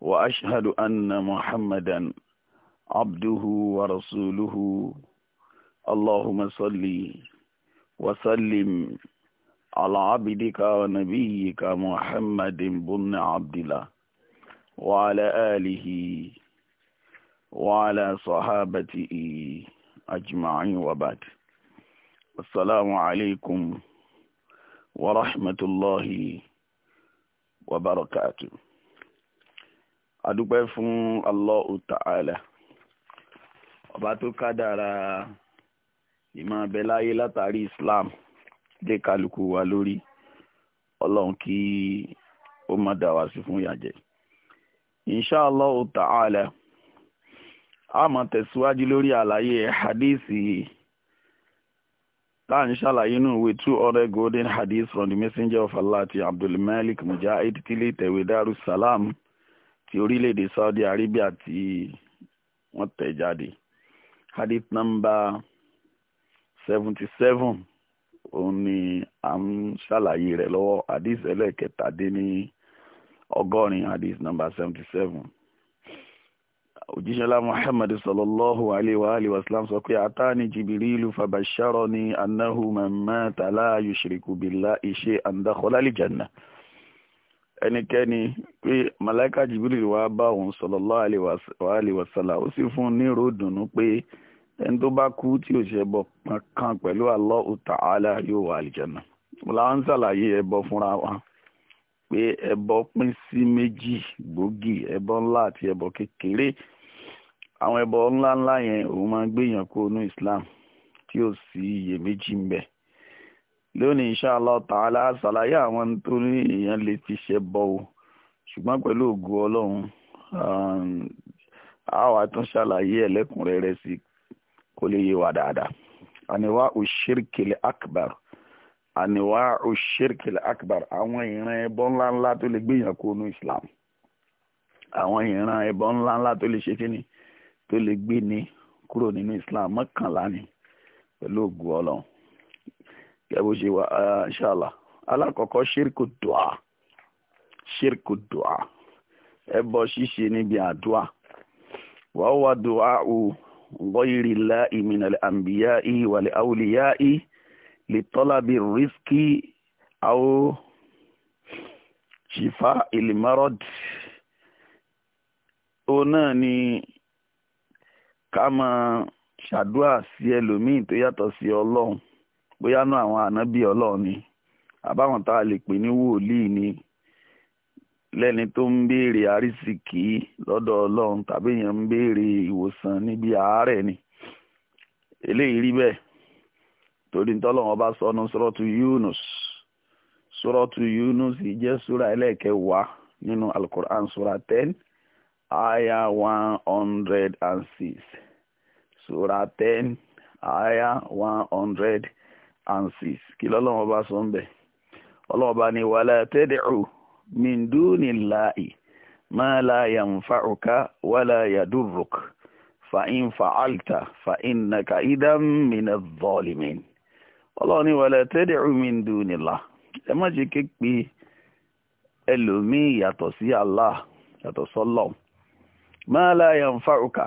وأشهد أن محمدا عبده ورسوله اللهم صل وسلم على عبدك ونبيك محمد بن عبد الله وعلى آله وعلى صحابته أجمعين وبعد السلام عليكم ورحمة الله وبركاته adúpẹ́ fún Allahu Ta'ala ọba tó kádàrá ìmọ̀ abẹ láyé látàrí Islam dé kálukú wa lórí ọlọ́run kí ó má dà wá sí fún ìyàjẹ́ insha Allahu Ta'ala a máa tẹ̀síwájú lórí àlàyé hadisi tá à ń ṣàlàyé nù ìwé two hundred golden hadith from the messenger of Allah ti Abdul Malik Mujahid tilé tẹ̀wé Darussalam. salam ti orílẹ̀-èdè Saudi Arabia tí wọ́n tẹ̀ jáde hadith number seventy seven òun ni à ń ṣàlàyé rẹ̀ lọ́wọ́ hadith ẹlẹ́ẹ̀kẹtàdínní ọgọ́rin hadith number seventy seven òjíṣẹ́lá muhammad sallallahu alaihi wa alihi wasallam sọ pé àtàní jìbìrìlù fàbàṣàrọ ní annahu man mata la yushriku billahi jannah ẹnikẹ́ni pé malaika jibril wa bá òun sallallahu alaihi wasallam ó sì fún un ní ròdùnú pé ẹni tó bá kú tí ò ṣe bọ kan pẹ̀lú Allahu ta'ala yóò wà àlìjẹ́nà ẹbọ fúnra wa pé ẹbọ pín sí méjì gbòógì ẹbọ ńlá àti ẹbọ kékeré àwọn ẹbọ ńláńlá yẹn òun máa ń gbéyàn kó Islam tí ò sí iyèméjì ń lónìí insha Allah ta'ala ṣàlàyé àwọn tó ní èèyàn lè fi ṣe bọ o ṣùgbọ́n pẹ̀lú ògo Ọlọ́run um, a wà tún ṣàlàyé ẹlẹ́kùnrẹ́rẹ́ sí kó lè yé wa dáadáa àníwá òṣèrèkèlè akbar àníwá òṣèrèkèlè akbar àwọn ìran ẹbọ ńláńlá tó lè gbéyàn kó nu Islam àwọn ìran ẹbọ ńláńlá tó lè ṣe kíni tó lè gbé ni kúrò nínú Islam mọ́kànlá ni pẹ̀lú ògo Ọlọ́run kẹ́bù ṣe wà ṣàlà alákọ̀ọ́kọ́ ṣírkù dùà ṣírkù dùà ẹbọ ṣíṣe níbi àdúà wàá wà dùà ò gbọ́yìrì la ìmìnàlẹ̀ àǹbíyá ìhì wàlẹ̀ àwòlíyá ìhì lè tọ́lá bí rìsíkì àwò ṣìfà ìlìmọ́rọ̀dì òun náà ni ká máa ṣàdúà sí ẹlòmíì tó yàtọ̀ sí ọlọ́run bóyá nú àwọn ànábì ọlọ́run ni àbáwọn tá a lè pè ní wòlíì ni lẹ́ni tó ń béèrè àrísìkí lọ́dọ̀ ọlọ́run tàbí èèyàn ń béèrè ìwòsàn níbi àárẹ̀ ni eléyìí rí bẹ́ẹ̀ torí tọ́lọ́wọ́n bá sọnù sọ́rọ́tù Yunus sọ́rọ́tù Yunus jẹ́ súra ẹlẹ́ẹ̀kẹwàá nínú alukur'an sura ten aya one hundred and six sura ten aya one hundred and six and six kí lọ́lọ́wọ́ bá sọ ń bẹ̀ ọlọ́wọ́ bá ní wala tad'u min dunillahi ma la yanfa'uka wala yadurruk fa in fa'alta fa innaka idan minadh dhalimin ọlọ́wọ́ ní wala tad'u min dunillah ẹ má ṣe ké pe ẹlòmíì yàtọ̀ sí Allah yàtọ̀ sọ́lọ̀ ma la yanfa'uka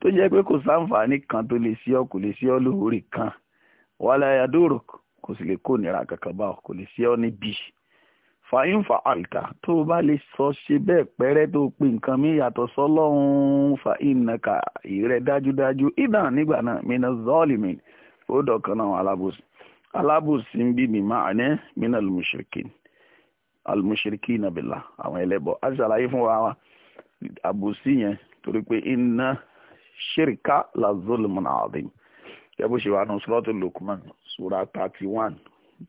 tó jẹ́ pé kò sáǹfààní kan tó lè sí ọ sí ọ lóore kan Wala yàdúrò kò sì lè kó nira kankan bá ọ kò lè ṣe ọ níbi fàyín fa àlìkà tó o bá lè sọ ṣe bẹ́ẹ̀ pẹ́rẹ́ tó o pe nǹkan mi yàtọ̀ sọ́lọ́run fa ìnàkà ìrẹ́ dájúdájú ìdàn nígbà náà mina zọ́ọ̀lìmì ó dọ̀kan náà alábòsí alábòsí ń bí mi máa ní mina almushrikin almushrikin billah àwọn ẹlẹ́bọ a ṣàlàyé fún wa àbòsí yẹn torí pé inna shirka la zulmun adhim kẹ́bù ṣe wà nù sọ́tò Lukman sura thirty one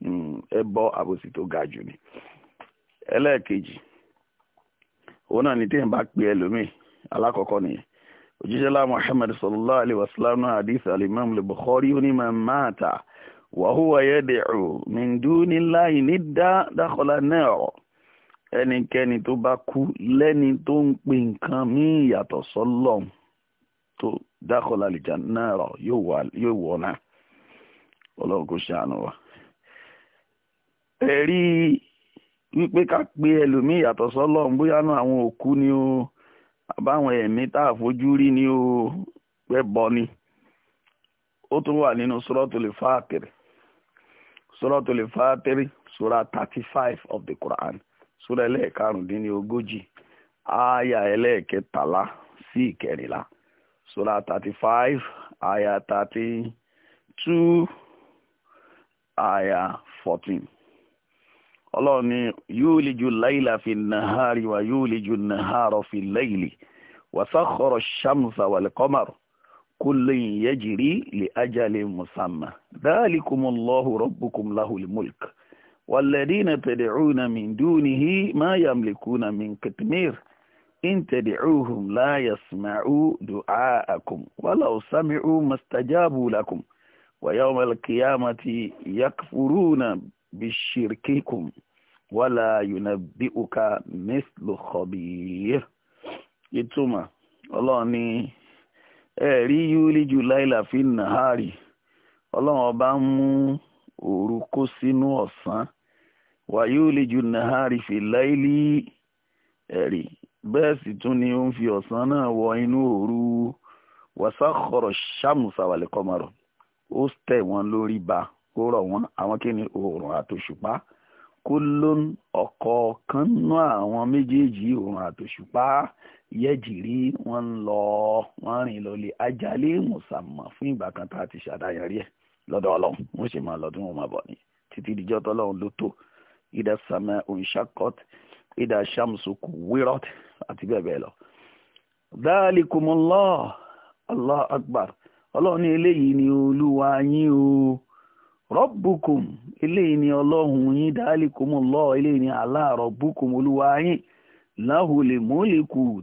mm, ẹ bọ́ àbòsí tó ga jù ni ẹlẹ́ẹ̀kejì òun náà ní téèyàn bá pe ẹlòmíì alákọ̀ọ́kọ́ nìyẹn òjíṣẹ́ lá Muhammad sallallahu alayhi wa sallam náà hadith al-imam al-Bukhari ó ní máa máa ta wa huwa yad'u min dunillahi ẹnikẹ́ni tó bá kú lẹ́ni tó ń pe nǹkan míì yàtọ̀ sọ́lọ́hún tó dákọ̀lá àlìjá náà rọ̀ yóò wọ̀ náà ọlọ́run kò ẹ̀rí pe ẹlòmíì yàtọ̀ sọ́lọ́run àwọn òkú ni o àbáwọn ẹ̀mí tá ni o pẹ́ bọ́ ni o tún wà nínú suratul Fatir suratul Fatir sura 35 of the Quran sura sura thirty five aya thirty two aya fourteen ọlọ́run ni yóò lè ju láìla fi nàhárì wa yóò lè ju nàhárọ̀ fi láìlì wàsáxọ̀rọ̀ ṣàmùsà wàlẹ̀kọ́mọ̀rọ̀ kullun yajri li ajalin musamma dhalikumallahu rabbukum lahul mulk walladhina tad'una min dunihi ma yamlikuna min qitmir intẹ̀dẹ̀ẹ́hùn la yasma'u du'aakum walaw sami'u mastajabu lakum wa yawmal qiyamati yakfuruna bishirkikum wala yunabbi'uka mislu khabir. ìtumọ̀ ọlọ́run ní ẹ̀rí yúlíjù láìlà fi nàárì ọlọ́run ọba ń mú òru kó sínú ọ̀sán wà yúlíjù nàárì fi láìlì ẹ̀rí bẹ́ẹ̀ sì tún ni ó ń fi ọ̀sán náà wọ inú òru wàsáàkọ̀rọ̀ ṣàmùsà wàlẹ̀ ó tẹ̀ wọ́n lórí ba ó rọ̀ wọ́n àwọn kí ni oòrùn àtòṣùpá kó ló ń ọ̀kọ̀ọ̀kan nú àwọn méjèèjì oòrùn àtòṣùpá yẹ́jìrí wọ́n ń lọ wọ́n rìn lọ́lẹ̀ ajálẹ̀ mùsàmà fún ìgbà kan tá a ti ṣàdáyàrí ẹ̀ lọ́dọ̀ ọlọ́run wọ́n sì máa lọ tí máa bọ̀ ní títí ìdíjọ́ tọ́lọ́run ló tó ìdá sàmẹ́ òǹṣàkọ́tì ida shamsu kù wírọ́t àti bẹ́ẹ̀ bẹ́ẹ̀ lọ. dhalikumullah allah akbar ọlọ́run eléyìí ni olúwa yín o rọ́bùkùm eléyìí ni ọlọ́run yín eléyìí ni allah rọ́bùkùm olúwa yín láhùn lè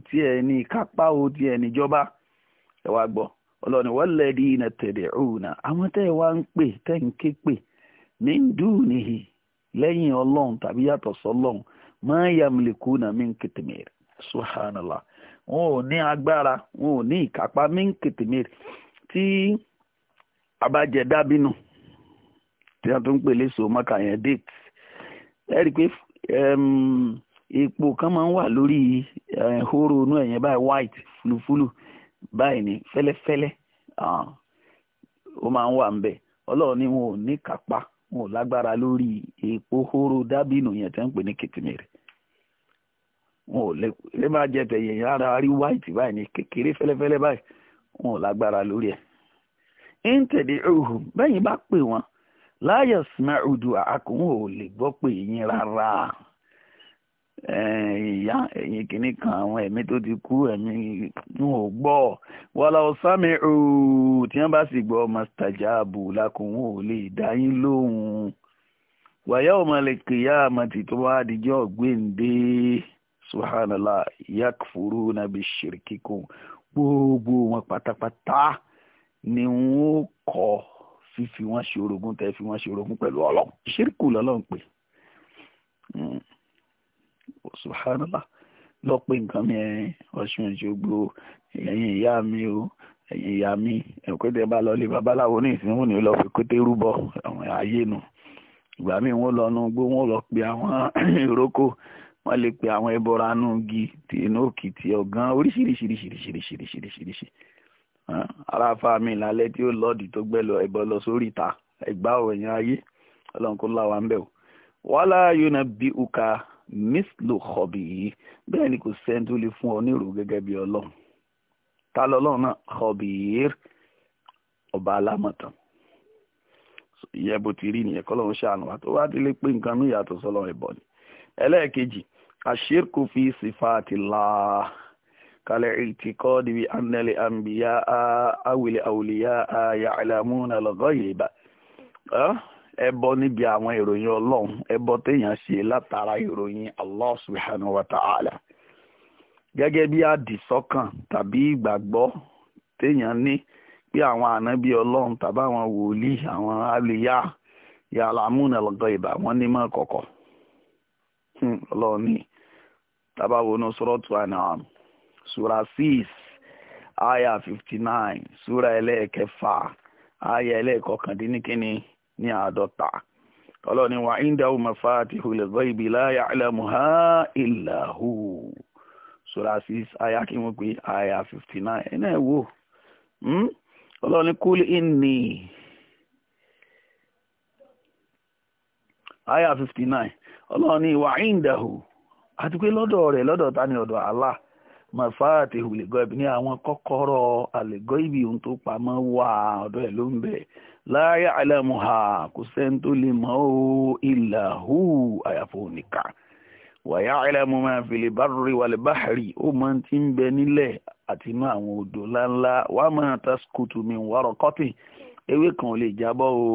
tí ẹ ní kápá o tí ẹ níjọba ẹ wá gbọ́ ọlọ́ni iná àwọn tẹ́ ẹ wá ń pè tẹ́ ń ké pè ní dùn nìyí lẹ́yìn ma yamliku na min kìtìmìr subhanallah wọn ò ní agbára wọn ò ní ìkápá min tí abajẹ dábínú tí a tún pèlè so maka yẹn date ẹ rí i pé kan máa ń wà lórí eh, hóró inú ẹ̀yẹn báyìí white fulufulu báyìí ni fẹ́lẹ́fẹ́lẹ́ ó máa ń wà ń bẹ̀ ọlọ́run ni wọn ò ní kápá wọn ò lágbára wọn ò lè máa jẹ tẹ̀yìn ara rí white báyìí ní kékeré fẹ́lẹ́fẹ́lẹ́ báyìí wọn ò lágbára lórí ẹ̀. ń tẹ̀lé bẹ́yìn bá pè wọ́n láyọ̀ sinmi odò àkùnrin ò lè gbọ́ pé yín rárá ìyá ẹ̀yìn kìíní ẹ̀mí tó ti kú ẹ̀mí wọn ò gbọ́ ọ̀sámi tí wọ́n bá sì gbọ́ làkùnrin ò lè subhanallah yakfuruna bi shirkikum gbogbo wọn pátápátá ni wọn ó kọ fífi wọn ṣe orogún tẹ fi wọn ṣe orogún pẹ̀lú Ọlọ́run ṣírkù lọ́lọ́run pé hmm. subhanallah lọ pé nǹkan mi ẹyin Ọ̀ṣun Òṣogbo ẹyin ìyá mi o ẹyin ìyá mi ẹ̀kọ́tẹ́ bá lọ lé babaláwo ní ìsinmi ní lọ́ọ́ fi rúbọ àwọn ayé nu ìgbà míì wọn lọ nu gbó wọn lọ pe àwọn ìrókò wọ́n lè pe àwọn ẹbọra nù gi ti inú òkìtì ọ̀gán oríṣiríṣiríṣiríṣiríṣiríṣiríṣi ara fáàmì lálẹ́ tí ó lọ́ọ̀dì tó gbẹ́lọ ẹ̀bọ lọ sórí ìta ẹ̀gbá òyìn ayé ọlọ́run kó láwa ń bẹ̀ o wala yunabbi'uka mislu khabiri bẹ́ẹ̀ ni kò sẹ́ni tó lè fún ọ nírò gẹ́gẹ́ bí ọlọ́run ta lọ́lọ́run náà khabir ọba alámọ̀tàn ìyẹn bó ẹlẹ́ẹ̀kejì àṣírkù fi sifatilá kalẹ̀ ìtìkọ́ níbi anẹ́lẹ̀ àmbíyá awìlẹ̀ àwùlíyá ya'lamuna al-ghayba ah, ẹbọ níbi àwọn ìròyìn ọlọ́run ẹbọ téèyàn ṣe látara ìròyìn Allah subhanahu wa ta'ala gẹ́gẹ́ bí àdìsọ́kàn tàbí ìgbàgbọ́ téèyàn ní pé àwọn ànábì ọlọ́run tàbí àwọn wòlíì àwọn àlùyá wọ́n ní ọlọ́run ní tábà wọnú sọ́rọ́tù An'am sura six aya fifty nine sura ẹlẹ́ẹ̀kẹfà aya ẹlẹ́ẹ̀kọkàndínníkínní ní àádọ́ta ọlọ́run ní wa indahu mafatihul ibi la ya'lamuha ha hu sura 6, aya kí wọ́n aya fifty ẹ̀ náà wò hmm? kúlì aya fifty nine ọlọ́run ni ìwà ìndàhù àti pé lọ́dọ̀ rẹ̀ lọ́dọ̀ ta ni ọ̀dọ̀ Allah mọ̀fáàtì hùlẹ̀gọ́ ibi ní àwọn kọ́kọ́rọ́ àlẹ́gọ́ ibi ohun tó pamọ́ wà ọ̀dọ̀ ẹ̀ ló ń bẹ̀ láyé àlẹ́muhà kò sẹ́ni tó lè mọ̀ ó ìlàhù àyàfọ̀ nìkan wàyà àlẹ́mu máa fi lè bá rúri wà lè ó máa ti ń bẹ nílẹ̀ àti inú àwọn odò ńláńlá wàá máa taskutu mi wàrọ̀ kọ́tì ewé kan ò lè jábọ́ o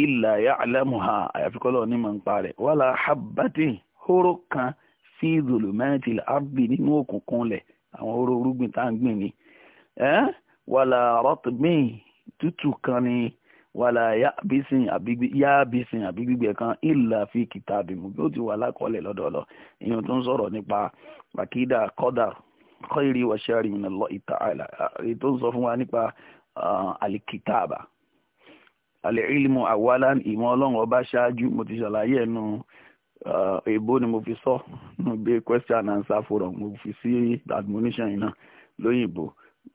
illa ya'lamuha àyàfi kọ́lọ́ ní mọ̀ ń pa rẹ̀ wala habbatin hóró kan fi dhulumatil ardi nínú òkùnkùn lẹ̀ àwọn hóró orúgbìn tá à ń gbìn ni wala ratbin tútù kan ni wala yábísìn àbí gbígbẹ kan illa fi kitabim yóò ti wà lákọọ́lẹ̀ lọ́dọọlọ ìyẹn tó ń sọ̀rọ̀ nípa àkídà qadar khairi wa shari min Allah ta'ala èyí tó ń sọ fún wa nípa ah, alikitaba alẹ́ ìlímù àwálá ìmọ̀ ọlọ́run ọba ṣáájú mo ti ṣàlàyé ẹnu èbó ni mo fi sọ nù bí question and answer forum mo fi sí admonition yìí náà lóyìnbó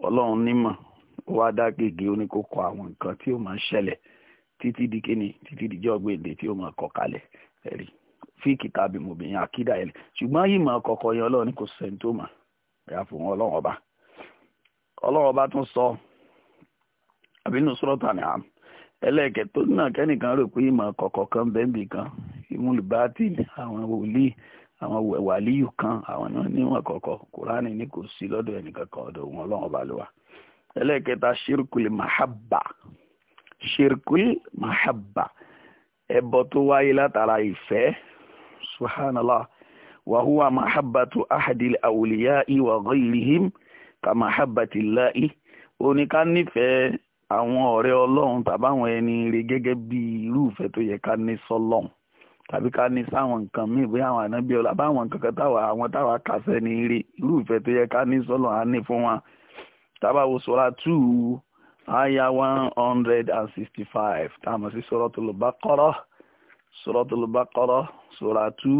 ọlọ́run nímọ̀ ó wá dá gègé ó ní kó kọ àwọn nǹkan tí ó máa ń ṣẹlẹ̀ títí di kíni títí di jọ́gbé èdè tí ó máa kọ kalẹ̀ ẹ̀rí fíìkì tàbí mòbìyàn àkídà ẹ̀ ṣùgbọ́n yìí máa kọ̀kọ́ yan ọlọ́run kò sẹ́ni tó mà ẹ̀yà fún ọlọ́run ọba ọlọ́run ọba tún sọ àbínú sọ́rọ́tà ni àmì ẹlẹ́ẹ̀kẹ́ tó náà kẹ́nìkan rò pé ìmọ̀ kọ̀kọ̀ kan bẹ́ẹ̀bì kan ìmúlùbátì àwọn wòlíì àwọn wàlíyù kan àwọn náà níwọ̀n kọ̀kọ̀ kùránì ní kò sí lọ́dọ̀ ẹnìkankan ọ̀dọ̀ wọn ọlọ́run bá ló wà ẹlẹ́ẹ̀kẹta ṣírkùlì mahabba ṣírkùlì mahabba ẹbọ tó wáyé látara ìfẹ́ subhanallah wàhúwà mahabbatu ahadil awliya wa ghayrihim ka mahabbatillahi oníkan nífẹ̀ẹ́ àwọn ọ̀rẹ́ ọlọ́run tàbáwọn ẹni rè gẹ́gẹ́ bí irúfẹ́ tó yẹ ká ní sọ́lọ́run tàbí ká ní sáwọn nǹkan míì bóyá àwọn ànábì ọlá báwọn nǹkan kan táwa àwọn táwa kà sẹ́ni rè irúfẹ́ tó yẹ ká ní sọ́lọ́run á ní fún wa tábàwò sọ́ra two aya one hundred and sixty five táwọn sí Suratul Baqarah Suratul Baqarah sura two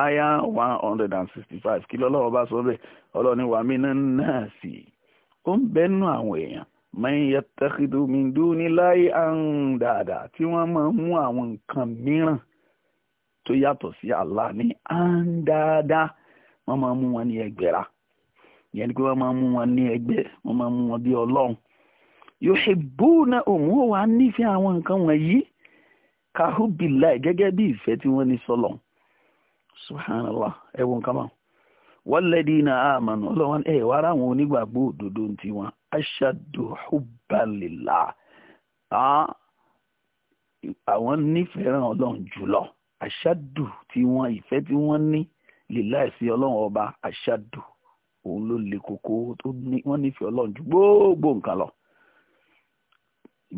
aya one hundred and sixty five kí lọ́lọ́wọ́ bá sọ bẹ́ẹ̀ ọlọ́ni man yattakhidhu min dunillahi andada tí wọ́n máa ń mú àwọn nǹkan mìíràn tó yàtọ̀ sí Allah ní andada wọ́n máa ń mú wọn ní ẹgbẹ̀ra ìyẹn ni pé wọ́n máa ń mú wọn ní ẹgbẹ́ wọ́n máa ń mú wọn bí ọlọ́run yuhibbuna òun ò wá nífẹ̀ẹ́ àwọn nǹkan wọ̀nyí kahubila gẹ́gẹ́ bí ìfẹ́ tí wọ́n ní sọ́lọ̀ subhanallah ẹ̀wọ̀n kama walladina amanu ọlọ́wọ́n ẹ̀ wá ráwọn onígbàgbọ́ òdodo tiwọn ashadu hubban lillah àwọn nífẹ̀ẹ́ràn ọlọ́run jùlọ ashadu tí wọ́n ìfẹ́ tí wọ́n ní lillah sí ọlọ́run ọba ashadu òun ló le koko tó ní wọ́n nífẹ̀ẹ́ ọlọ́run ju gbogbo nǹkan lọ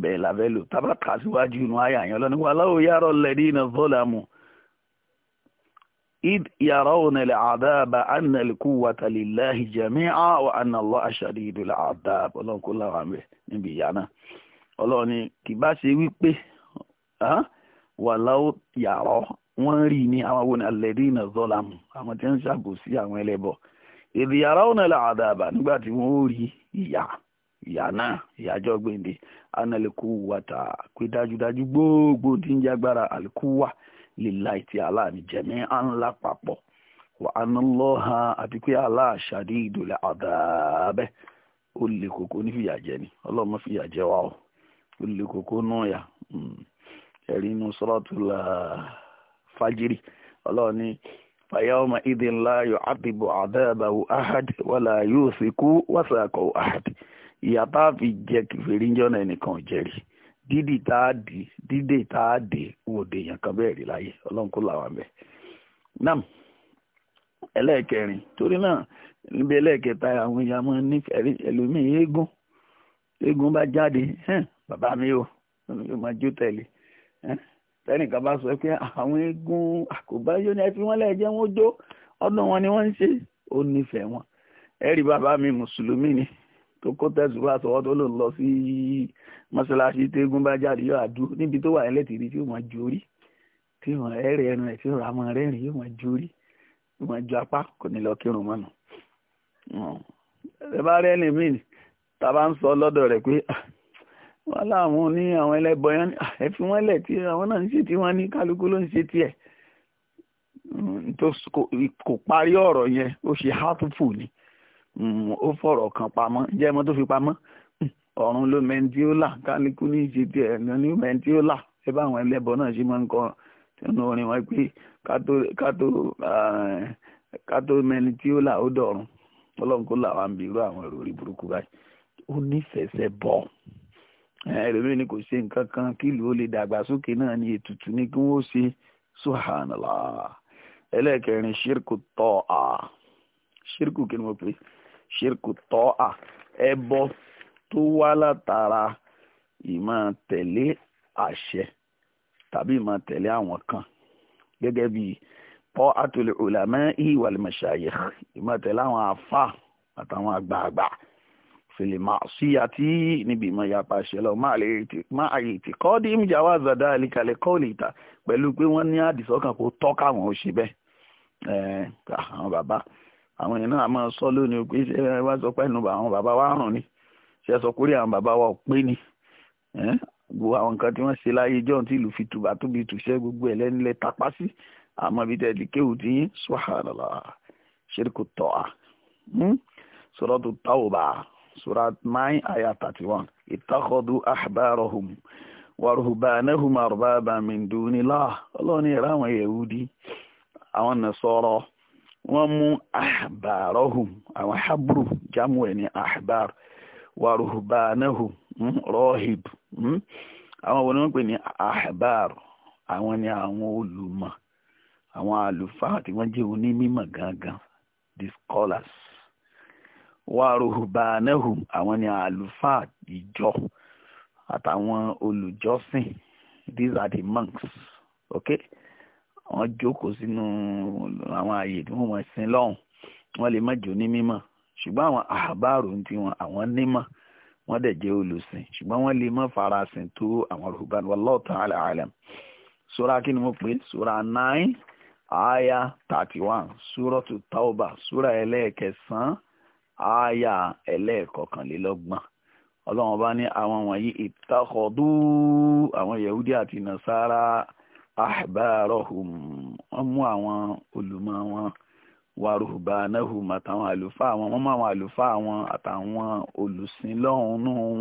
bẹ́ẹ̀ làbẹ́ lò tábàkà síwájú inú àyà yẹn lọ́nà wà láwòyàrá lẹ́rìí náà zọ́làmù id yarawna al-adhaba anna al-quwwata lillahi jami'a wa anna Allaha shadidul 'adhab ọlọ́run kó láwọn àmì níbi ìyá náà ọlọ́run ni kì bá ṣe wípé wàláwó yàrá wọ́n rí ní àwọn wo ni alladhina zalamu àwọn tí ń ṣàbòsí àwọn ẹlẹ́bọ̀ ìdí yàrá òun náà làdàbà nígbà tí wọ́n ó rí ìyá ìyá náà ìyájọ́ gbèǹde anàlẹ́kùwàtà pé dájúdájú gbogbo tí ń jágbára àlẹ́kùwà lillahi ti Allah ni jẹ̀mí à ń la papọ̀ wà á ná lọ́ha àti pé Allah shadidul adhabe ó lè kókó ní fìyà jẹ ni ọlọ́mọ fìyà jẹ wa ó ó lè kókó náà yà hmm. ẹ̀rí inú suratul fajiri ọlọ́run ní fayọ́mọ ìdínlá yóò àdìbò àdáàbàwò ahad wàlà yóò sì kú wàsàkọ̀ ahad ìyá fi jẹ kìfèrí jọ́nà ẹnìkan jẹ́rìí dídì tá a dì dídè tá a dè wò dè yàn kan bẹ́ẹ̀ rí láyé ọlọ́run kó làwọn bẹ́ẹ̀ nam ẹlẹ́ẹ̀kẹrin torí náà níbi ẹlẹ́ẹ̀kẹta àwọn èèyàn máa ẹlòmíín jáde bàbá mi o yóò máa jó tẹ̀lé tẹ́nìkan bá sọ pé àwọn eégún àkóbá yóò ní ẹ fi wọ́n lẹ́ẹ̀jẹ́ wọn jó ọdún wọn ni wọ́n ń ṣe ó nífẹ̀ẹ́ wọn ẹ̀rí bàbá mi mùsùlùmí ni tó kó tẹ̀sùbá àtọwọ́ tó lò lọ sí mọ́ṣáláṣí tégún bá jáde yóò àdú níbi tó wà ẹlẹ́tìrí tí ó mọ̀ jórí tí ó mọ̀ ẹ̀rẹ̀ ẹnu ẹ̀ tí ó rà mọ́ rẹ́rìn yóò mọ̀ jórí yóò mọ̀ ju apá kò ní lọ kírun mọ́nu. ẹ bá rẹ́ ní mí ta bá ń sọ lọ́dọ̀ rẹ̀ pé ah, wọ́n láwọn ní àwọn ẹlẹ́bọ yẹn ah, ẹ fi wọ́n lẹ̀ tí àwọn náà ń ṣe tí wọ́n ní kálukú ló ń ṣe tiẹ̀ kò parí ọ̀rọ̀ yẹn ó ṣe hátùfù ni. Mm, ó fọ̀rọ̀ kan pamọ́ jẹ́ ẹmọ tó fi pamọ́ ọ̀run ló mẹ́ntí ó là kálíkù ní ìṣe tiẹ̀ ní mẹ́ntí ó là ẹ bá àwọn ẹlẹ́bọ náà ṣe máa ń kọ nínú orin wọn pé kátó eh, mẹ́ni tí ó là ó dọ̀run ọlọ́run kó làwọn àmì irú àwọn èrò orí burúkú báyìí ó nífẹ̀ẹ́sẹ̀ bọ̀ eh, ẹlòmíràn ni kò ṣe nǹkan kan kí ìlú ó lè dàgbàsókè náà ní ètùtù ní kí wọ́n ṣe subhanallah ẹlẹ́ẹ̀kẹrin ṣírkù tọ́ a ṣírkù kí ni mo pè é ṣírkù tọ́ à ẹbọ tó wá látara ìmọ̀ tẹ̀lé àṣẹ tàbí ìmọ̀ tẹ̀lé àwọn kan gẹ́gẹ́ bí tọ́ àtòlẹ̀ ulama wal mashayikh ìmọ̀ tẹ̀lé àwọn àfa àtàwọn àgbààgbà fìlè ma'siyati níbi ìmọ̀ yapa ṣẹlẹ̀ máa àyè tí kọ́ọ́dí ń jà wá zàdá àlìkalẹ̀ kọ́ọ̀lì ìta pẹ̀lú pé wọ́n ní àdìsọ́kàn kó tọ́ka àwọn òṣìbẹ́ àwọn bàbá àwọn yẹn náà máa sọ lónìí pé ṣé ẹ wá sọ pé ẹnu àwọn bàbá wa rùn ni ṣé ẹ sọ pé àwọn bàbá wa ò pé ni gbogbo àwọn nǹkan tí wọ́n ṣe láyé john tí ìlú fi tùbà tóbi tùṣẹ́ gbogbo ẹ̀ lẹ́nu lẹ́ tapá sí àmọ́ ibi tẹ̀ di kéwù tí yín subhanallah ṣeríkù tọ́ a hmm? suratu tawba surat nine aya thirty one ittakhadu ahbarahum wa ruhbanahum arbaban min dunillah ọlọ́run ẹ̀rọ àwọn yẹ̀wù di àwọn nasara wọ́n mú ahbarahum àwọn habru jamu ẹ̀ ní ahbar wa ruhbanahum hmm, rohib hmm. àwọn wo ni wọ́n pè ní ahbar àwọn ni àwọn olùmọ̀ àwọn àlùfáà tí wọ́n jẹ́ onímọ̀ gangan the scholars wa ruhbanahum àwọn ni àlùfáà ìjọ àtàwọn olùjọ́sìn these are the monks okay. wọ́n jókòó sínú àwọn ààyè tí wọ́n mọ̀ sin lọ́hùn wọ́n lè má jò ní mímọ̀ ṣùgbọ́n àwọn àbáàrò ń tiwọn àwọn nímọ̀ wọ́n dẹ̀ jẹ́ olùsìn ṣùgbọ́n wọ́n lè má farasin tó àwọn ruhban wallahu ta'ala alam sura kí ni mo pè sura nine aya thirty one suratu tauba sura ẹlẹ́ẹ̀kẹsàn-án aya ẹlẹ́ẹ̀kọkànlélọ́gbọ̀n ọlọ́run bá ní àwọn wọ̀nyí ìtàkọ̀dú àwọn yahudi àti nasara ahbarahum wọ́n mú àwọn olùmọ̀ wọn wa ruhbanahum àtàwọn àlùfáà wọn wọ́n mú àwọn àlùfáà wọn àtàwọn olùsìn lọ́hùnú wọn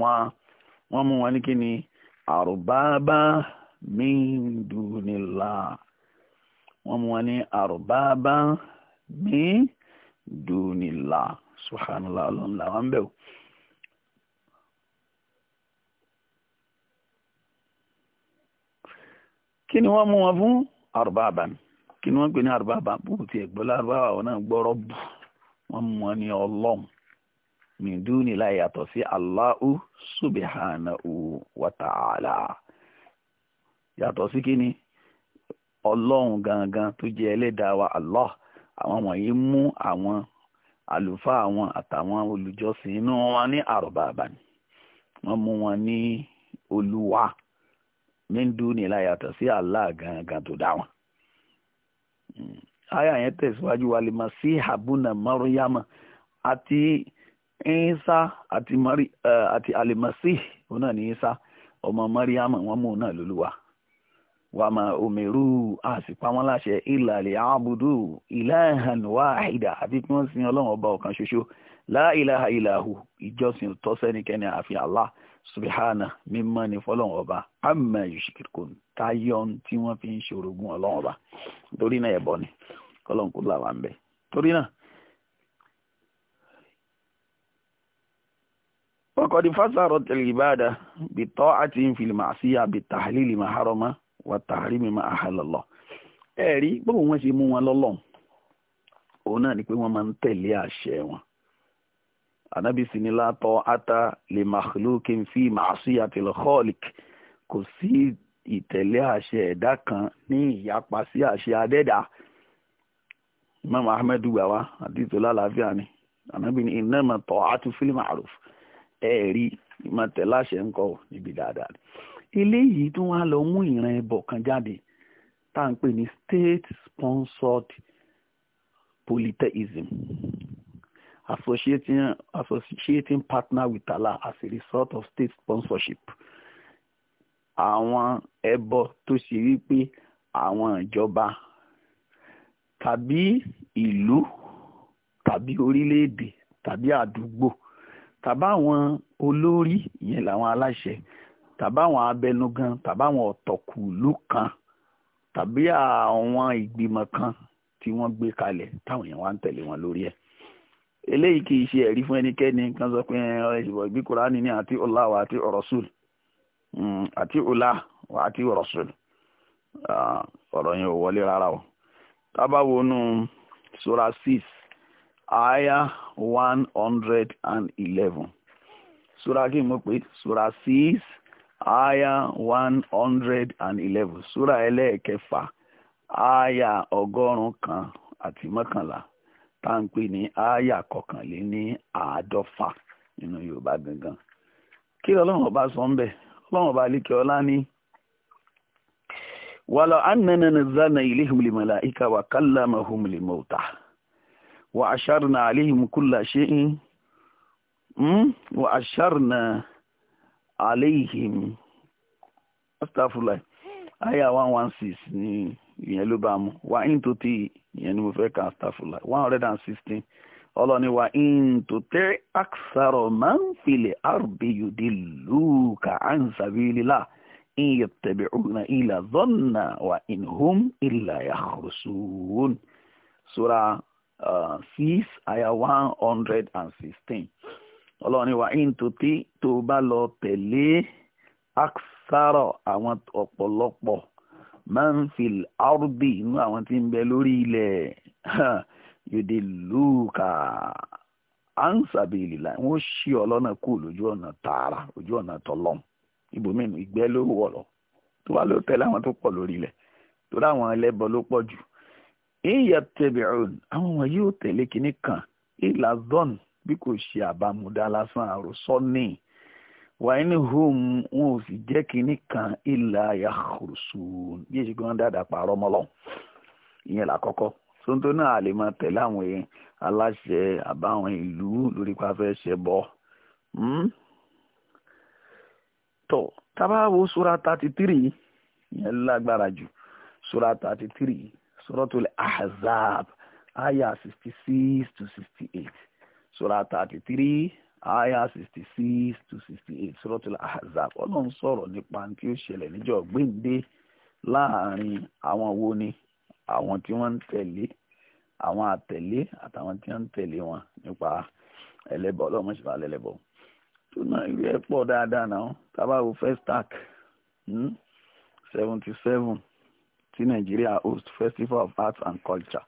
wọ́n mú wọn ní kí ni àrùbábá min dunillah mú wọn ní àrùbábá min dunillah subhanallah ọlọ́run làwọn bẹ̀rù. kí ni wọ́n mú wọn fún arúbáàbá ni kí ni wọ́n pè ní arúbáàbá bùkù tí ẹ̀gbọ́n lárúbáwá wọn náà gbọ́rọ̀ bù wọ́n mú wọn ní ọlọ́run nìdú nílá yàtọ̀ sí Allahu subhanahu wa ta'ala yàtọ̀ sí kí ni ọlọ́run gangan tó jẹ́ ẹlẹ́dàá wa àwọn wọ̀nyí mú àwọn àlùfáà wọn àtàwọn olùjọ́sìn inú wọn ní àrùbáàbá ni wọ́n mú wọn ní olúwa míndú ní láyàtọ̀ sí Allah gangan tó dá wọn. àyà hmm. yẹn tẹ̀síwájú wa lè máa sí àbúnà mọ́ríyámà àti ìsá àti mari eh, àti alimasi òun náà ní ìsá ọmọ mọ́ríyámà wọ́n mú un náà lólúwa wà máa òmèrú àsìpá wọn láṣẹ ìlàlẹ̀ àbùdù ilahan wahida àti kí wọ́n sin ọlọ́run ọba ọ̀kan ṣoṣo la ilaha ìjọsìn tọ́sẹ́nikẹ́ni àfi Allah subhana mímọ́ ni fọlọ́run ọba amma yushikirkun táyọ̀ tí wọ́n fi ń ṣorogún ọlọ́run ọba torí náà ẹ̀bọ ni kọlọ́run kó ń bẹ torí náà. وقد فسرت العبادة بطاعة في المعصية بالتحليل ما حرم والتحريم ما أحل الله ẹ̀rí bóun wọ́n ṣe mú wọn lọ́lọ́run òun náà ni anabi ata le látọ̀ ata lè makhlukin fi ma'siyatil khaliq kò sí ìtẹ̀lé àṣẹ eda kan ni ìyapa sí àṣẹ adẹ́dà imam ahmed gbà wá àdìtò lálàáfíà ni anabi ní innama ta'atu fil ma'ruf ẹ̀ẹ̀rí ìmọ̀tẹ̀láṣẹ ń kọ́ níbi dáadáa eléyìí tún wá lọ mú ìran ẹbọ kan jade ta npe ń pè state sponsored polytheism associating, associating partner with Allah as a result of state sponsorship. Àwọn ẹbọ tó ṣe wípé àwọn ìjọba tàbí ìlú tàbí orílẹ̀-èdè tàbí àdúgbò tàbí àwọn olórí ìyẹn làwọn aláṣẹ tàbí àwọn abẹnugan tàbí àwọn ọ̀tọ̀kùlú kan tàbí àwọn ìgbìmọ̀ kan tí wọ́n gbé kalẹ̀ táwọn èèyàn wá ń tẹ̀lé wọn lórí ẹ̀ eléyìí kì í ṣe ẹ̀rí fún ẹnikẹ́ni kan sọ pé ẹ̀ṣìbọ̀ ìbí kùránì ní àti Allah wa àti rasul hmm, àti Allah wa àti rasul ọ̀rọ̀ yẹn ò wọlé rárá o tábà wọnú sura six aya one hundred and eleven sura kí n mọ̀ pé sura six aya one hundred and eleven sura ẹlẹ́ẹ̀kẹfà aya ọgọ́rùn-ún kan àti mọ́kànlá tá à ń pè ní àyà kọkànléní àádọ́fà nínú yorùbá gangan kí ọlọ́run ọba sọ ń bẹ̀ ọlọ́run ọba alikẹ́ ọlá ní. wàlọ́ annana nazzalna ilayhim al-mala'ika wa kallamahum al-mauta wa asharna alayhim kulla shay'in hmm, wa asharna alayhim astaghfirullah àyà one one six ni ìyẹn ló bá mu wà ní tó ti ìyẹn ni mo fẹ́ kàn stafula one hundred and sixteen ọlọ́niwa ntòtẹ́ aksarọ̀ máa ń filẹ̀ arbi yòdì lùkà ansabilila ìyẹ̀tẹ̀bẹ̀rún ilà zọ́nà wà ìnhùn ilà yàhùrùsùn. sura uh, six aya one hundred and sixteen ọlọ́niwa ntòtẹ́ tó bá lọ tẹ̀lé aksarọ̀ àwọn ọ̀pọ̀lọpọ̀. manfield out bay inu awon ti n be lori ile eh ha yode lo ka a n sabi ilila won shi olona cool oju ona tara oju ona tolom igbominu igbe lo wo lo towa le otele awon to po lori ile toro awon alebo lo po ju eeyi eb tebirun awon oye oteele kinikan ila zon bikosi abamuda alasun aru soni wàyí ni hum wọn ò sì jẹ́ kínní kan ilà yahurusun bí èsì gan dáadáa pààrọ̀ mọ́lọ́ ìyẹn làkọ́kọ́ sóńtó náà lè máa tẹ̀lé àwọn aláṣẹ àbáwọn ìlú lórí pàfẹ́ ṣẹ bọ́ hmm? tó tábàwò sura thirty three ìyẹn lágbára jù sura thirty three suratul ahzab aya sixty six to sixty eight sura thirty three aya sixty six to sixty eight suratul ahzab ọlọ́run sọ̀rọ̀ nípa tí ó ṣẹlẹ̀ níjọ́ gbéǹde láàrin àwọn wo ni àwọn tí wọ́n ń tẹ̀lé àwọn àtẹ̀lé àtàwọn tí wọ́n ń tẹ̀lé wọn nípa ẹlẹ́bọ ọlọ́run mọ̀ṣẹ́ bá lẹ́lẹ́bọ. tó náà ìwé ẹ̀ pọ̀ dáadáa náà tábà wo festac hmm, seventy seven ti nàìjíríà host festival of arts and culture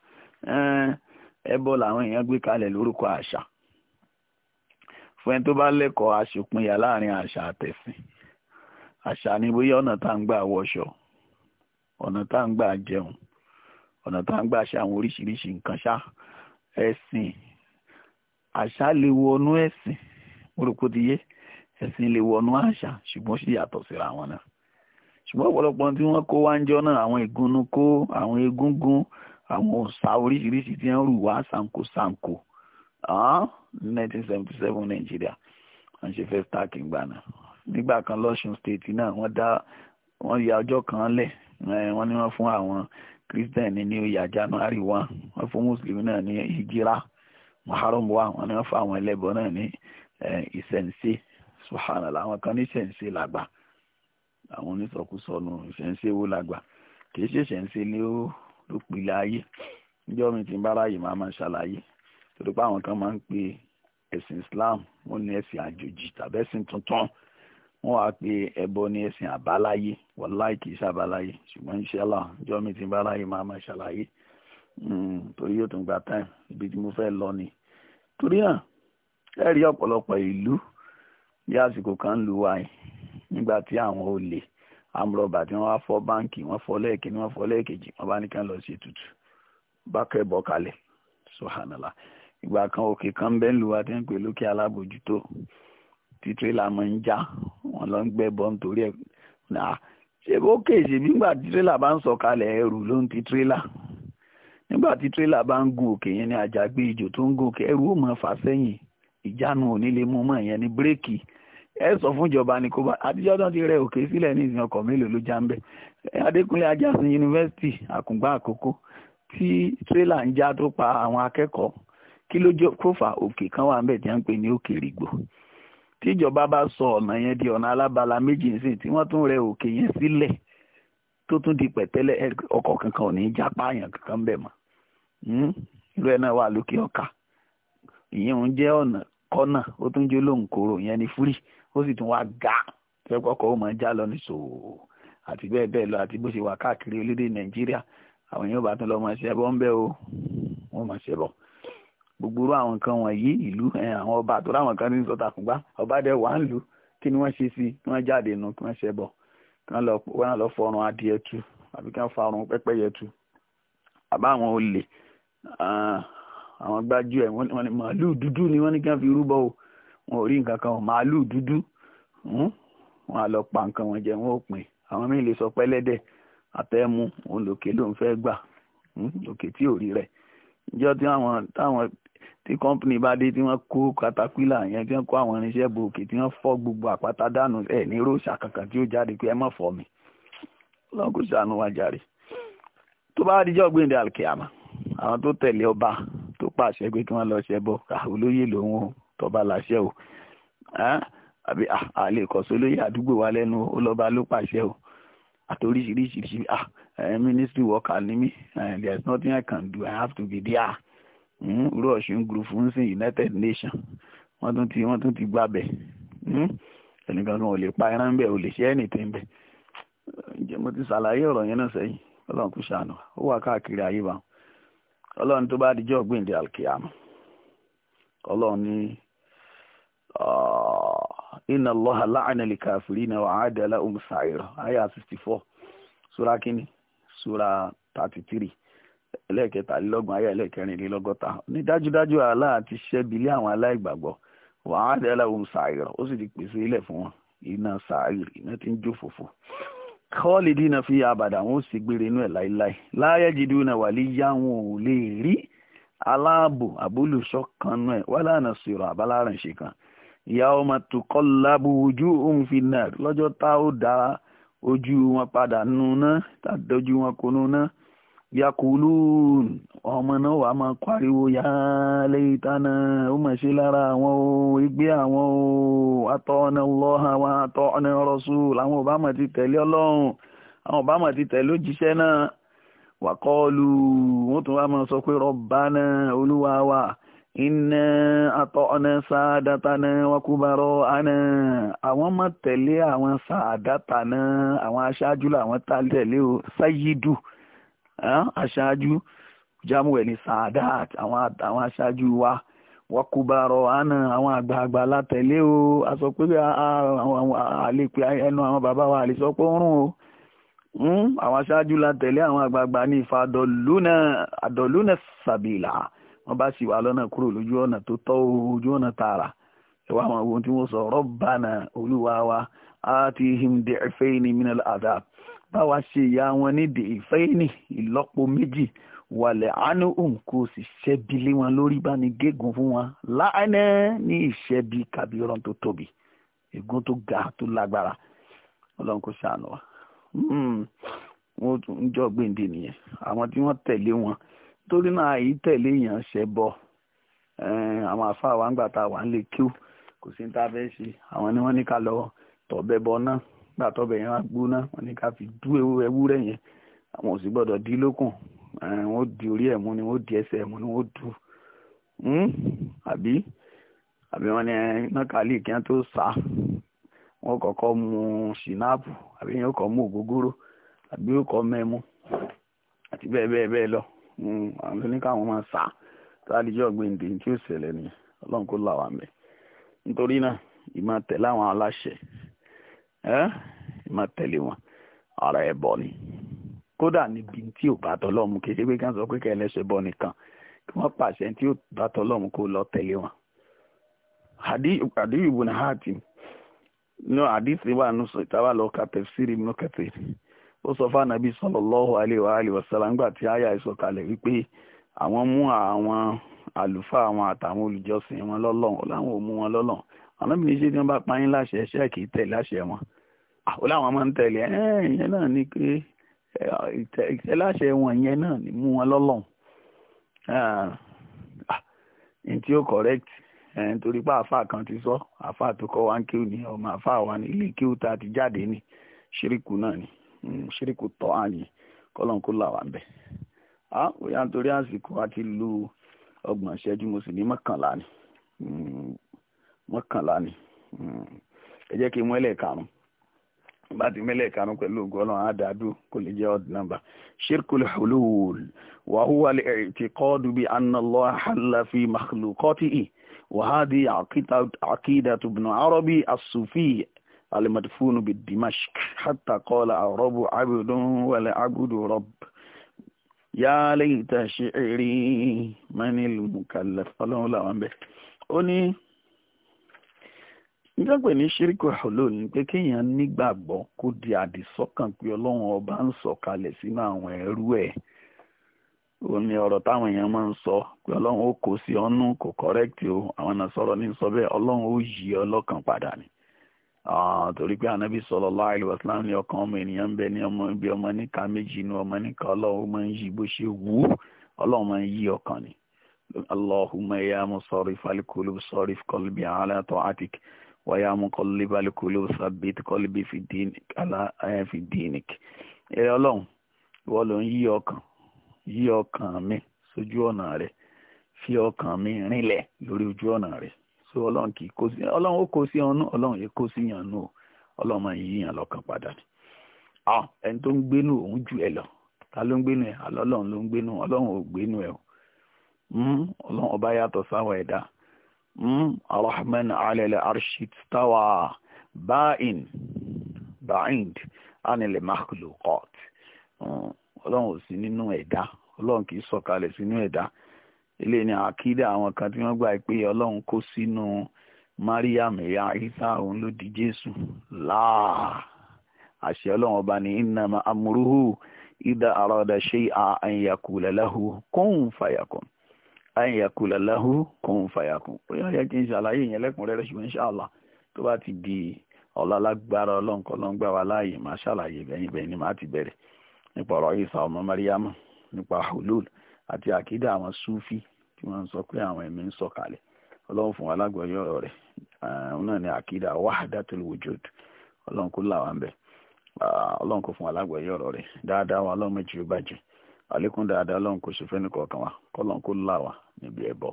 ẹbọ làwọn èèyàn gbé kalẹ̀ lórúkọ àṣà fún ẹni tó bá lẹ́kọ̀ọ́ aṣòpinya láàrin àṣà àtẹ̀sìn àṣà ni bóyá ọ̀nà tá à ń gbà wọṣọ ọ̀nà tá à ń gbà jẹun ọ̀nà tá à ń gbà ṣe àwọn oríṣiríṣi nǹkan ṣá ẹ̀sìn àṣà lè wọnú ẹ̀sìn orúkọ ti yé ẹ̀sìn lè wọnú àṣà ṣùgbọ́n ṣì yàtọ̀ síra wọn náà ṣùgbọ́n ọ̀pọ̀lọpọ̀ tí wọ́n kó wáńjọ náà àwọn ìgúnnú kó àwọn egúngún àwọn òòṣà oríṣiríṣi tí wọ́n rù wá sànkóṣànkó Ah, nineteen seventy seven nàìjíríà wọ́n ṣe fẹ́ stark ìgbà náà nígbà kan lọ́sùn state náà wọ́n dá wọ́n ya ọjọ́ kan lẹ̀ eh, wọ́n ní wọ́n fún àwọn christian ní new year january one wọ́n fún muslim náà ní hijira muharram one wọ́n ni wọ́n fún àwọn ẹlẹ́bọ náà ní eh, ìṣẹ̀ǹṣe subhanallah àwọn kan ní ìṣẹ̀ǹṣe làgbà àwọn onísọkúsọnù ìṣẹ̀ǹṣe wo làgbà kì í ṣe ìṣẹ̀ǹṣe ni ó ló pilẹ̀ ayé níjọ́ mi ti ń bára yìí máa máa ṣàlàyé torí pé àwọn kan máa ń pe ẹ̀sìn Islam wọ́n ní ẹ̀sìn àjòjì tàbí ẹ̀sìn tuntun wọ́n wá pe ẹbọ ní ẹ̀sìn àbáláyé wàláì kì í ṣàbáláyé ṣùgbọ́n inshallah ọjọ́ mi ti ń báláyé máa máa ṣàlàyé hmm, torí yóò tún gba time ibi tí mo fẹ́ lọ ni torí náà ẹ rí ọ̀pọ̀lọpọ̀ ìlú bí àsìkò kan lu wa yìí nígbà tí àwọn olè amúrọ̀bà tí wọ́n wá fọ́ báǹkì wọ́n fọ́ lẹ́ẹ̀kíní wọ́n fọ́ lẹ́ẹ̀kejì wọ́n bá ní kí wọ́n lọ sí ètùtù bá bọ́ kalẹ̀ sọ̀hánàlá. So, ìgbà kan òkè kan ń bẹ́ ń lu wa tí ń pè lókè alábòjútó tí tírélà máa ń já wọn lọ ń gbẹ́ bọ́ nítorí ẹ̀ náà ṣe bó kéèṣe nígbà tí tírélà bá ń sọ̀kalẹ̀ ẹrù ló ń ti tírélà nígbà tí tírélà bá ń gun òkè yẹn ni àjàgbé ìjò tó ń gun òkè ẹrù ó mọ fà sẹ́yìn ìjánu ò ní lè mú mọ́ ìyẹn ní bírèkì ẹ sọ fún ìjọba ní kó bá àtijọ́ náà ti rẹ òkè sílẹ̀ ní ìsìn ọkọ̀ mélòó ló já ń bẹ̀ adékúnlé ajásin yunifásitì àkùngbà àkókò tí tírélà ń já tó pa àwọn akẹ́kọ̀ọ́ kí ló jọ kó fa òkè kan wà níbẹ̀ tí wọ́n ń pè ní òkè rìgbò tí ìjọba bá sọ ọ̀nà yẹn di ọ̀nà alábala méjì nísìnyí tí wọ́n tún rẹ òkè yẹn sílẹ̀ tó tún di pẹ̀tẹ́lẹ̀ ọkọ̀ kankan ò ní í jápá àyàn kankan bẹ̀ mọ́ hmm? irú ẹ̀ náà wà lókè ọ̀ka ìyẹn òun jẹ́ ọ̀nà kọ́nà ó tún jó lóhùn kóró yẹn ní fúrì ó sì tún wá ga fẹ́kọ̀ọ́kọ́ ó máa já lọ ní ṣòwò àti bẹ́ẹ̀ bẹ́ẹ̀ lọ àti bó ṣe wà káàkiri orílẹ̀ nàìjíríà àwọn èèyàn bá tún lọ máa ṣe ń bẹ́ o wọ́n máa ṣe gbogbo irú àwọn nǹkan wọ̀nyí ìlú eh, àwọn ọba àtọ́rọ àwọn kan ní sọ́tàkùngbá ọba dẹ̀ wà ń lù kí ni wọ́n ṣe sí kí wọ́n jáde nù kí wọ́n ṣe bọ̀ kí wọ́n lọ fọrùn adìẹ tu àbí kí wọ́n fọrùn pẹ́pẹ́yẹ tu àbá àwọn olè àwọn gbájú ẹ̀ wọ́n ní màálù dúdú ni wọ́n ní kí wọ́n fi rúbọ o wọn ò rí nǹkan kan màálù dúdú wọn á lọ pa nǹkan wọn jẹ wọn ò pin àwọn míì lè sọ pẹ́lẹ́dẹ̀ àtẹ́mu òun lòkè ló ń fẹ́ gbà lòkè tí ò rí rẹ̀ ìjọ tí àwọn tí kọ́ńpìnì bá dé tí wọ́n kó katapila yẹn tí wọ́n kó àwọn irinṣẹ́ bòkè tí wọ́n fọ́ gbogbo àpáta dànù ẹ̀ ní róòṣà kankan tí ó jáde pé ẹ má fọ́ mi lọ́kù sànù wa jàre tó bá díjọ́ gbéǹde alkeama àwọn tó tẹ̀lé ọba tó pàṣẹ pé kí wọ́n lọ ṣẹbọ olóyè lòun o tọba làṣẹ o àbí àlè kọ̀sọ́ olóyè àdúgbò wa lẹ́nu ọlọ́ba ló pàṣẹ o àti oríṣiríṣiríṣi ah ministry worker ni mí there is nothing I can do I have to be there Hmm, irú ọ̀ṣun group ń sìn united nations wọ́n tún ti wọ́n tún ti gbàbẹ̀ hmm, ẹnìkan kan ò lè pa ẹran bẹ́ẹ̀ ò lè ṣe anything bẹ́ẹ̀ ǹjẹ́ mo ti ṣàlàyé ọ̀rọ̀ yẹn náà sẹ́yìn ọlọ́run kò ṣàánú ó wà káàkiri ayé wa ọlọ́run tó bá dijọ́ gbìndé alkiyama ọlọ́run ní inna allaha la'ana likafirina wa adala um sa'ira aya sixty four sura kínní sura thirty three ẹlẹ́ẹ̀kẹtàlélọ́gbọ̀n ayé ẹlẹ́ẹ̀kẹrìnlélọ́gọ́ta ní dájúdájú àlá àti ṣẹ́bilé àwọn aláìgbàgbọ́ wàá dẹ́lẹ̀ ohun sàárà ó sì ti pèsè ilẹ̀ fún wọn iná sàárì iná tí ń jó fòfò kọ́ọ̀lì dínà fi àbàdà wọn ó sì gbére inú ẹ̀ láéláé láyé jìdú náà wà lè yá wọn ò lè rí aláàbò àbólùsọ kan náà wà lánà sọ̀rọ̀ àbálárànṣe kan ìyá ọmọ tó kọ́ òun fi náà lọ́jọ́ tá ó dá ojú wọn padà nù náà tá dojú wọn kò nù yakulun ọmọ náà wàá máa pariwo ya leitana ó mà ṣe lára àwọn o igbe àwọn o atọ́ọ̀nà lọ́hà wa awọn rasul àwọn ọba mà ti tẹ̀lé àwọn ọba mà ti tẹ̀lé òjíṣẹ́ náà wàkọ́ọ̀lù wọ́n tún wàá máa sọ pé olúwa iná àná àwọn mà tẹ̀lé àwọn sáadátánà àwọn aṣáájú làwọn o aṣáájú jámù ẹ̀ ní sàdáàt àwọn aṣáájú wa wọ́n kú bá rọ àánà àwọn àgbààgbà látẹ̀lé o a sọ pé àlepẹ́ ẹnu àwọn bàbá wa àlè sọ pé ń rùn o hmm, àwọn aṣáájú látẹ̀lé àwọn àgbààgbà ní ìfà àdọ̀lúnà sàbìlà wọ́n bá sì wà lọ́nà kúrò lójú ọ̀nà tó tọ́ ojú ọ̀nà tààrà ẹ̀wọ́ àwọn ohun tí wọ́n sọ rọ́bànà olúwa wa á ti him dẹ́ẹ̀fẹ́ ní adab bá wa ṣe ìyá wọn nídìí ìfẹ́yìnì ìlọ́po méjì wàlẹ̀ àánú òun kò sì ṣẹ́bi lé wọn lórí bá ní gégùn fún wọn láàánẹ́ ní ìṣẹ́bi tó tóbi ègún tó ga tó lágbára ọlọ́run kò ṣàánú wa hmm, wọ́n tún ń jọ gbèǹde nìyẹn àwọn tí wọ́n tẹ̀lé wọn torí náà tẹ̀lé àwọn wa ń gbà tá a wà ń lè kò sí ní tá a gbà tọ́bẹ̀ yẹn wá gbóná wọn ní ká fi dú ewúrẹ́ yẹn àwọn ò sì gbọ́dọ̀ dí orí ẹ̀ ni wọn ó di ẹsẹ̀ ni wọn ó dú hmm? àbí àbí wọn ní nọ́kàlì kí wọ́n tó sá wọn mu ṣìnáàpù àbí mú ògógóró àbí àti bẹ́ẹ̀ bẹ́ẹ̀ bẹ́ẹ̀ lọ hmm, àwọn tó ní káwọn máa sá tí ṣẹlẹ̀ ni ọlọ́run kó má tẹ̀lé wọn ara ẹ̀ bọ̀ ni kódà níbi tí ò bá tọ́lọ́mù kì í ṣe pé kí wọ́n sọ pé kẹ́ ẹlẹ́ṣẹ̀ bọ̀ nìkan kí wọ́n pàṣẹ tí ò bá tọ́lọ́mù kó lọ tẹ̀lé wọn. àdìyí ibùn Hatim ní àdìsí wà nù sọ ìtawà lọ ka tafsiri ibn Kathir ó sọ fún anabi sallallahu alaihi wa alihi wasallam nígbà tí àyà ìsọ̀kalẹ̀ wípé àwọn mú àwọn àlùfáà àwọn àtàwọn olùjọ́sìn wọn lọ́lọ́run ànábì ní ṣé tí wọ́n bá pa yín láṣẹ ṣé kì í tẹ̀lé láṣẹ wọn àwọn làwọn máa ń tẹ̀lé ẹ̀ ìyẹn náà ni pé ìtẹ̀ láṣẹ wọn ìyẹn náà ni mú wọn lọ́lọ́hùn ní tí ó correct nítorí pé àáfà kan ti sọ àáfà tó kọ́ wá ń kíw ni ọmọ àáfà wa ní ilé kíw tá a ti jáde ní ṣíríkù náà ni mm, ṣíríkù tọ́ á ní kọ́lọ́n kó là wà ń bẹ̀. a ó yá nítorí àsìkò àti lu ọgbọ̀n ṣẹ́jú mo sì ní mọ́kànlá ni. Mm, mọ́kànlá ni ẹ jẹ́ kí n mọ́lẹ̀ karùn-ún bá ti mẹ́lẹ̀ karùn-ún pẹ̀lú ògùn ọlọ́run àdádú kò lè jẹ́ odd number shirkul hulul wa huwa al-i'tiqad bi anna Allah halla fi makhluqatihi wa hadhihi aqidatu ibn arabi as-sufi al-madfun bi dimashq hatta qala arabu abdun wal abdu rabb ya layta shi'ri nígbàgbẹ́ ní ṣíríkù hulul ni pé kéèyàn nígbàgbọ́ kó di àdìsọ́kàn pé ọlọ́run ọba ń sọ̀kalẹ̀ sínú àwọn ẹrú ẹ̀ ó ní ọ̀rọ̀ táwọn èèyàn máa ń sọ pé ọlọ́run ó kó sí ọ́nú kò o àwọn náà sọ̀rọ̀ ní sọ bẹ́ẹ̀ ọlọ́run ó yí ọlọ́kàn padà ọmọ ènìyàn ń ọmọ ibi ọmọ níka méjì ọmọ níka ọlọ́run máa ń yí bó ṣe ọkàn ni allahumma ya wàyà mọ́kànlélẹ́bàlì kò ló sàbẹ̀tì kọ́lẹ́bí fi dìínìk. ẹ̀rẹ́ ọlọ́run ìwọ ló ń yí ọkàn yí ọkàn mi sójú ọ̀nà rẹ̀ fi ọkàn mi rinlẹ̀ lórí ojú ọ̀nà rẹ̀ so ọlọ́run kì í kó sí ọlọ́run ó kó sí ọ̀nù ọlọ́run yẹ kó sí yànnú o ọlọ́run máa yí yàn lọ́kàn padà ni. Ah, ẹni tó ń gbénu òun jù ẹ ta ló ń gbénu ẹ àlọ́ ọlọ́run ló ń gbénu ọlọ́run ò gbénu ẹ o hmm, ọlọ́run ọba yàtọ̀ sáwọ ẹ̀dá Hmm? arahman alẹ́lẹ̀ arshistawa ba'in ba'in anilẹ̀ makhlukot hmm. ọlọ́run ò sí nínú ẹ̀dá ọlọ́run kì í sọ̀kalẹ̀ sínú ẹ̀dá ilé ni àkídà àwọn kan tí wọ́n gbà pé ọlọ́run kó sínú mariam ìyá isa òun ló di jésù láà àṣẹ ọlọ́run ọba ní innama amruhu idha kun ayakula lahu kun fayakun ó yẹ kí n ṣàlàyé yẹn lẹ́kùnrẹ́rẹ́ ṣùgbọ́n ṣáàlà tó bá ti di ọ̀la lágbára ọlọ́nkọ́ ló ń gbà láàyè máa ṣàlàyé ni ti bẹ̀rẹ̀ nípa ọ̀rọ̀ Ìsá ọmọ Mariamu nípa hulul àti àkídà àwọn Súfì tí wọ́n sọ pé àwọn ẹ̀mí ń sọ̀kalẹ̀ ọlọ́run fún wa àlékún dáadáa ọlọ́run kò ṣe fẹ́ni kọ̀ọ̀kan wa kọ́lọ́n kó là wá níbi ẹbọ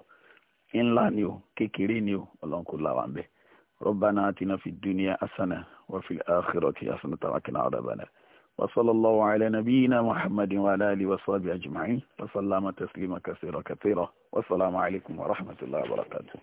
ńlá ni o kékeré ni o ọlọ́run kó là wá ńbẹ ربنا آتنا في الدنيا حسنة وفي الآخرة حسنة وقنا عذاب النار وصلى الله على نبينا محمد وعلى آله وصحبه أجمعين وسلم تسليما كثيرا كثيرا والسلام عليكم ورحمة الله وبركاته